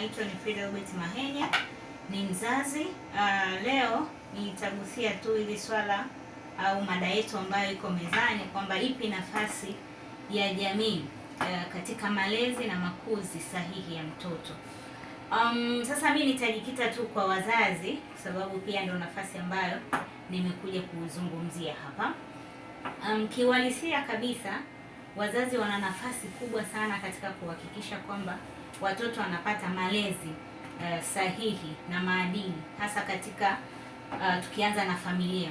naitwa ni Frida Hubert Mahenya, ni mzazi uh, leo nitagusia tu hili swala au mada yetu ambayo iko mezani kwamba ipi nafasi ya jamii uh, katika malezi na makuzi sahihi ya mtoto. Um, sasa mimi nitajikita tu kwa wazazi sababu pia ndio nafasi ambayo nimekuja kuzungumzia hapa. Um, kiuhalisia kabisa wazazi wana nafasi kubwa sana katika kuhakikisha kwamba watoto wanapata malezi uh, sahihi na maadili, hasa katika uh, tukianza na familia,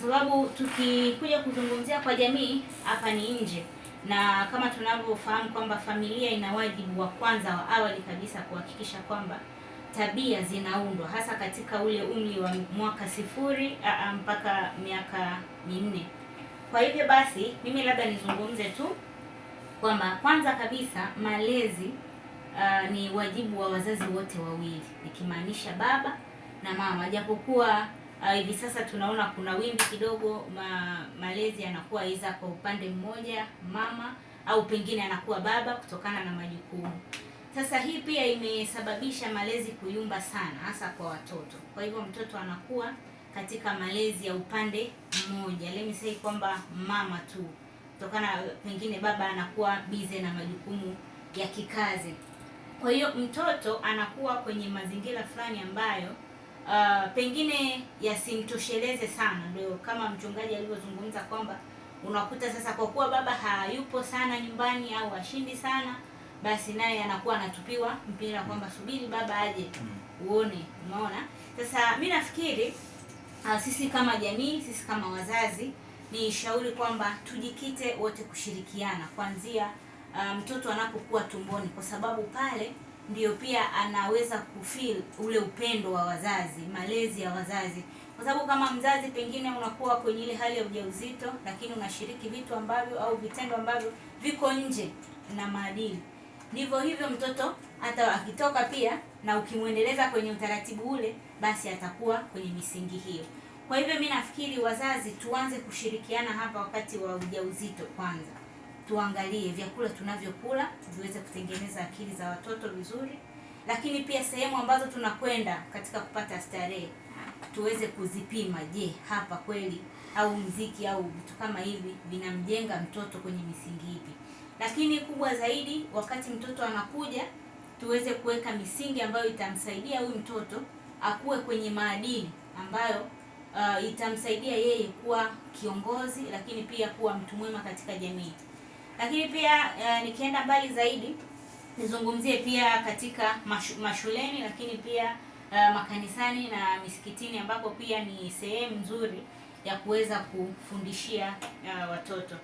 kwa sababu tukikuja kuzungumzia kwa jamii hapa ni nje, na kama tunavyofahamu kwamba familia ina wajibu wa kwanza wa awali kabisa kuhakikisha kwamba tabia zinaundwa hasa katika ule umri wa mwaka sifuri a, mpaka miaka minne. Kwa hivyo basi, mimi labda nizungumze tu kwamba kwanza kabisa malezi uh, ni wajibu wa wazazi wote wawili, nikimaanisha baba na mama, japokuwa ah, hivi uh, sasa tunaona kuna wimbi kidogo ma, malezi yanakuwa iza kwa upande mmoja mama au pengine anakuwa baba kutokana na majukumu. Sasa hii pia imesababisha malezi kuyumba sana, hasa kwa watoto. Kwa hivyo mtoto anakuwa katika malezi ya upande mmoja, lemi me kwamba mama tu, kutokana pengine baba anakuwa bize na majukumu ya kikazi. Kwa hiyo mtoto anakuwa kwenye mazingira fulani ambayo uh, pengine yasimtosheleze sana, ndio kama mchungaji alivyozungumza kwamba unakuta sasa, kwa kuwa baba hayupo sana nyumbani au ashindi sana, basi naye anakuwa anatupiwa mpira kwamba subiri baba aje mm. uone. Umeona? Sasa mi nafikiri uh, sisi kama jamii, sisi kama wazazi, ni shauri kwamba tujikite wote kushirikiana kuanzia Uh, mtoto um, anapokuwa tumboni, kwa sababu pale ndio pia anaweza kufeel ule upendo wa wazazi, malezi ya wazazi, kwa sababu kama mzazi pengine unakuwa kwenye ile hali ya ujauzito, lakini unashiriki vitu ambavyo au vitendo ambavyo viko nje na maadili. Ndivyo hivyo mtoto hata akitoka pia, na ukimwendeleza kwenye utaratibu ule, basi atakuwa kwenye misingi hiyo. Kwa hivyo mi nafikiri wazazi tuanze kushirikiana hapa wakati wa ujauzito kwanza tuangalie vyakula tunavyokula tuviweze kutengeneza akili za watoto vizuri, lakini pia sehemu ambazo tunakwenda katika kupata starehe tuweze kuzipima. Je, hapa kweli au mziki au vitu kama hivi vinamjenga mtoto kwenye misingi ipi? Lakini kubwa zaidi, wakati mtoto anakuja, tuweze kuweka misingi ambayo itamsaidia huyu mtoto akuwe kwenye maadili ambayo uh, itamsaidia yeye kuwa kiongozi, lakini pia kuwa mtu mwema katika jamii. Lakini pia uh, nikienda mbali zaidi nizungumzie pia katika mashu, mashuleni lakini pia uh, makanisani na misikitini ambapo pia ni sehemu nzuri ya kuweza kufundishia uh, watoto.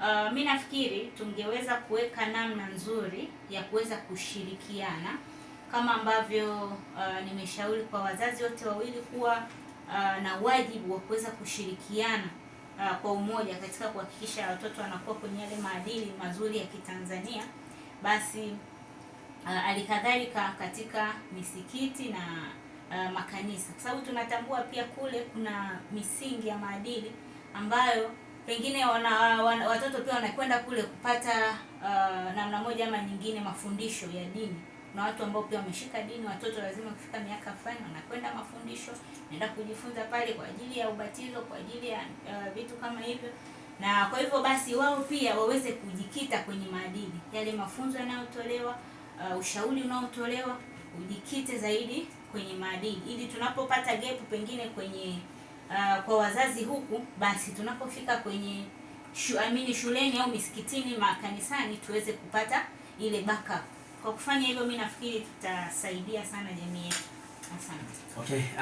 Uh, mi nafikiri tungeweza kuweka namna nzuri ya kuweza kushirikiana kama ambavyo uh, nimeshauri kwa wazazi wote wawili kuwa uh, na wajibu wa kuweza kushirikiana uh, kwa umoja katika kuhakikisha watoto wanakuwa kwenye yale maadili mazuri ya Kitanzania, basi uh, alikadhalika katika misikiti na uh, makanisa, kwa sababu tunatambua pia kule kuna misingi ya maadili ambayo pengine wana, wana, watoto pia wanakwenda kule kupata uh, namna moja ama nyingine mafundisho ya dini. Kuna watu ambao pia wameshika dini, watoto lazima kufika miaka fulani wanakwenda mafundisho, naenda kujifunza pale kwa ajili ya ubatizo, kwa ajili ya uh, vitu kama hivyo, na kwa hivyo basi wao pia waweze kujikita kwenye maadili yale, mafunzo yanayotolewa, uh, ushauri unaotolewa ujikite zaidi kwenye maadili, ili tunapopata gap pengine kwenye uh, kwa wazazi huku, basi tunapofika kwenye shu, amini shuleni au misikitini, makanisani tuweze kupata ile backup. Kwa kufanya hivyo, mimi nafikiri tutasaidia sana jamii yetu. Asante. Okay.